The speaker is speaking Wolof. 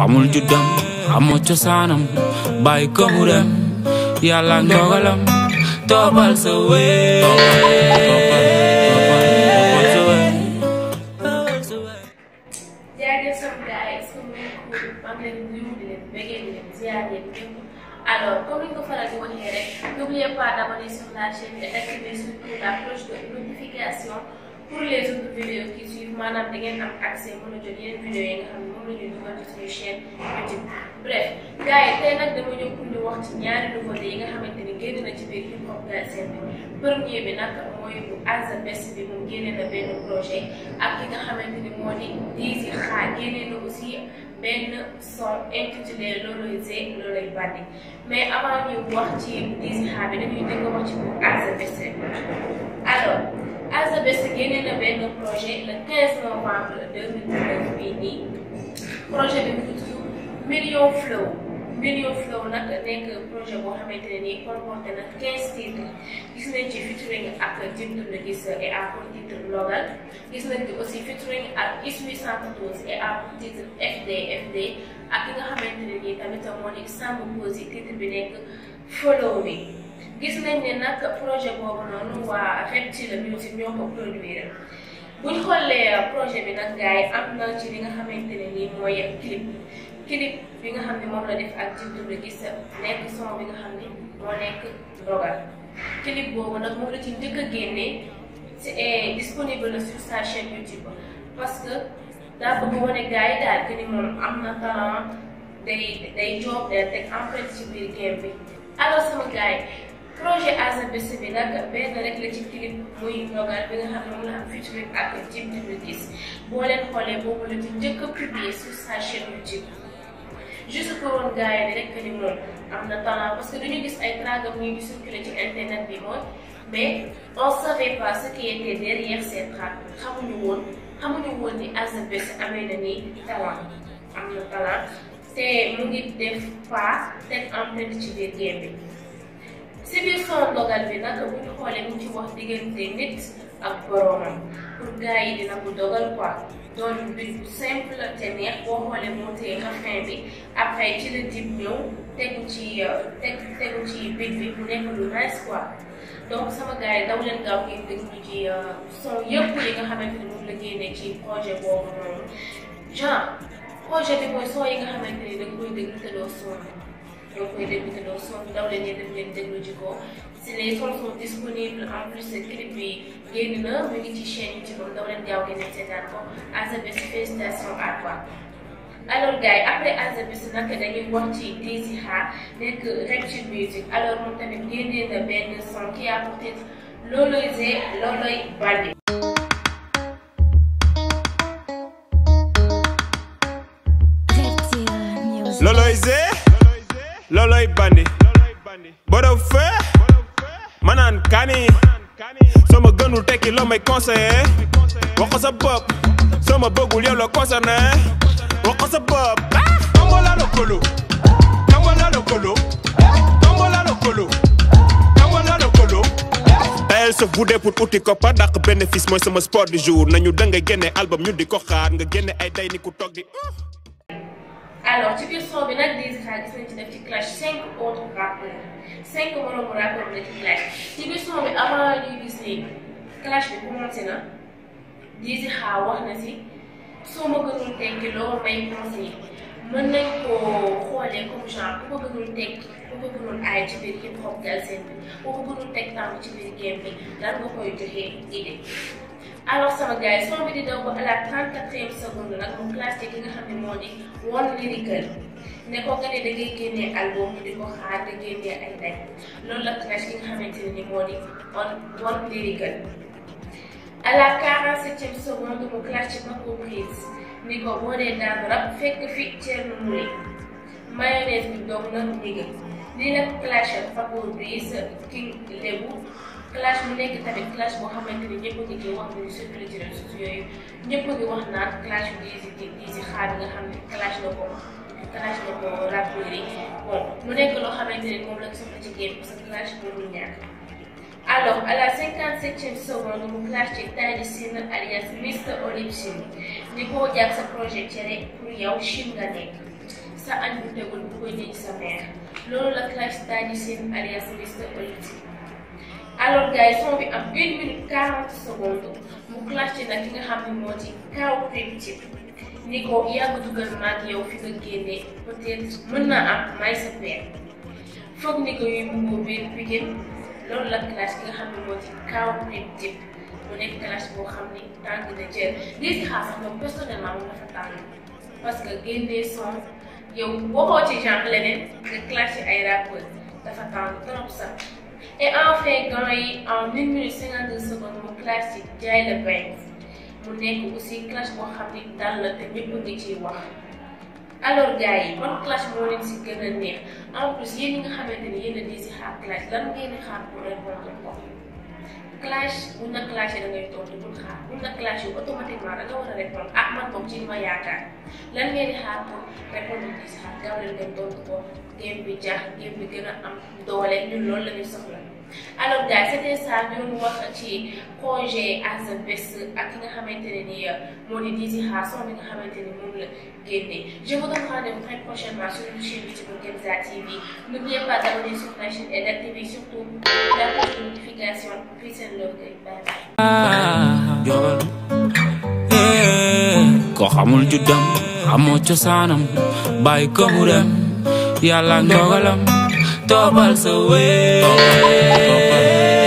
xamul juddam xamoo cosaanam bàyyi ko mu dem yàlla ndogalam toobal sa wéy alors comme ni ko faral n'oubliez pas d'abonner sur la chaîne et d'activer surtout la cloche de notification pour les autres vidéos qui suivent maanaam da ngeen am accès a jot yeneen vidéo xam ne moom la ñuy dugal ci suñu chaîne YouTube bref gars yi tey nag dama na ci biir hip hop galsen bi premier bi nag mooy bu Azza bi moom génne na benn projet ak ki ni moo di Dizzy génne na aussi benn son intitulé looloy zé looloy bandi mais avant ñu wax ci Dizzy Kha bi dañuy dégg wax ci bu Azza Best alors ASABES génne na benn projet le 15 novembre 2019 bii nii projet bi mu Million Flow Million Flow nag nekk projet boo xamante ne nii comporté na 15 titres gis nañ ci featuring ak Dip Doundou Guiss et à pour Logal gis nañ ci aussi featuring ak Is 812 et à pour titre FD FD ak ki nga xamante ne tamit moo nekk Samba Peuzzi bi nekk Follow gis nañ ne nag projet boobu noonu waa Reptile Music ñoo ko produire buñ projet bi nag gars am na ci li nga xam ne nii mooy clip clip bi nga xam ne moom la def ak Dip Doundou Guiss nekk son bi nga xam ne moo nekk Rogal clip boobu nag moom la ci njëkk a génnee c'est eh, disponible sur sa chaîne YouTube parce que daa bëgg wane gars yi daal que ni moom am na talent day day job day teg empreinte ci biir bi alors sama gars projet ASABC bi nag benn rek la ci clip muy ndogal bi nga xam ne mën a am featuring ak Djim 2010 boo leen xoolee boobu la ci njëkk a publier sur sa chaîne YouTube juste pour woon gars yi rek ni moom am na talent parce que du ñu gis ay tragam muy ngi circuler ci internet bi mooy mais on savait pas ce qui était derrière ces tracts xamuñu woon xamuñu woon ni ASABC amee na ni talent am na talent te mu ngi def pas teg empreinte ci biir game bi. si biir sama dogal bi nag bu ñu xoolee mu ci wax diggante nit ak boroomam pour gars yi dina ko dogal quoi doon mbir bu simple te neex boo xoolee moo tee nga fin bi après ci la dib ñëw tegu ci tegu tegu ci bit bi mu nekk lu nice quoi donc sama gars yi daw leen gaaw ngeen déglu ci son yëpp li nga xamante ni moom la génnee ci projet boobu noonu genre projet bi mooy son yi nga xamante ni da nga koy déglu te doo sonn ñoo koy débuté doo sonn daw leen ngeen def si les sons sont disponibles en plus clip bi génn na mu ngi ci chaîne YouTube am daw leen gaaw ngeen seetaan ko AZBES félicitations à toi alors gars après AZBES nag dañuy wax ci Daisy Ha nekk Reptile Music alors moom tamit génnee na benn son qui a pour zee looloy bandi Lolo Ibani. But au Manan Kani. Sama gën lu tekki la may conseillé. Waxo sa bopp, sama bëggul yow la concerné. Waxo sa bopp. Tango la lokolo. Tango la lokolo. Tango la lokolo. Tango la lokolo. Tayel sa voudé pour uti koppa dak bénéfice mooy sama sport du jour nañu da nga album ñu di ko nga gene ay day ni ku toog di. alors ci biir son bi nag Désiré gis nañ ci def ci clash cinq autres rappeurs cinq moroomu rappeurs la ci biir son bi avant ñuy gis ni clash bi commencé na Désiré wax na si soo ma gënul tekki loo may conseillé mën nañ koo xoolee comme genre ku ko gënul tekki ku ko gënul aay ci biir hip hop Galsen bi ku ko gënul teg tàmm ci biir game bi koy joxee idée alors sama gars yi son bi di daw ba à la quatrième seconde nag mu classé ki nga xam ne moo di One Lyrical ne ko nga ne da ngay génnee album di ko xaar da génnee ay daj loolu la clash ki nga xamante ne ni moo di One Lyrical à la quarante septième seconde mu clash Paco Prise ni ko boo dee daan rab fekk fi Thierno Moulé mayonnaise bi doog na ndigal lii la clash Paco Prise King Lebu clash bu nekk tamit clash boo xamante ni ñëpp ngi ciy wax ni sur les réseaux sociaux yooyu ñëpp ngi wax naan clash yu di si di si xaar yi nga xam ne clash la ko clash la ko rappeur yi bon lu nekk loo xamante ni moom lañ soxla ci génn parce que clash boobu ñàkk. alors à la cinquante septième seconde mu clash ci Taiji Singh alias Mr Olip Singh di ko jàpp sa projet cere pour yow Chine nga nekk sa añ bu tegul bu koy jëj sa mère loolu la clash Taiji Singh alias Mr Olip Singh. alors gars yi son bi am une minute quarante secondes mu clash nag ki nga xam ne moo ci Kao Pépite ni ko yàgg dugal maag yow fi nga génnee peut-être naa am may sa père foog ni ko yooyu mu biir Pikine loolu la clash ki nga xam ne moo ci Kao Pépite mu nekk clash boo xam ni tàng na jël lii si xaar sax moom personnellement moom dafa tàng parce que génnee son yow waxoo ci genre leneen nga clash ay rappeurs dafa tàng trop sax. et enfin gants yi am une minute cinquante deux mu clash jaay la banks mu nekk aussi clash boo xam ni dal la te ñëpp ngi ciy wax alors gars yi ban clash moo leen si gën a neex en plus yéen nga xamante ni yéen a di xaar clash lan ngeen di xaar pour répondre ko clash buñ la clashé da ngay tontu bul xaar war a répondre ah man moom ci ma yaakaar lan ngeen di xaar pour répondre bi sax gaaw leen ngeen tontu ko game bi jax game bi gën a am doole ñun loolu la ñu soxla. ci congé a best ak ki nga xamante ne ni euh, moo di Dizzy Kha son bi nga xamante ni moom la génne je vous donne rendez-vous très prochainement sur notre chaîne YouTube Gamza TV n'oubliez pas la chaîne et d'activer surtout la ko xamul juddam xamoo cosaanam bàyyi ko mu dem yàlla ndogalam toobal sa wéy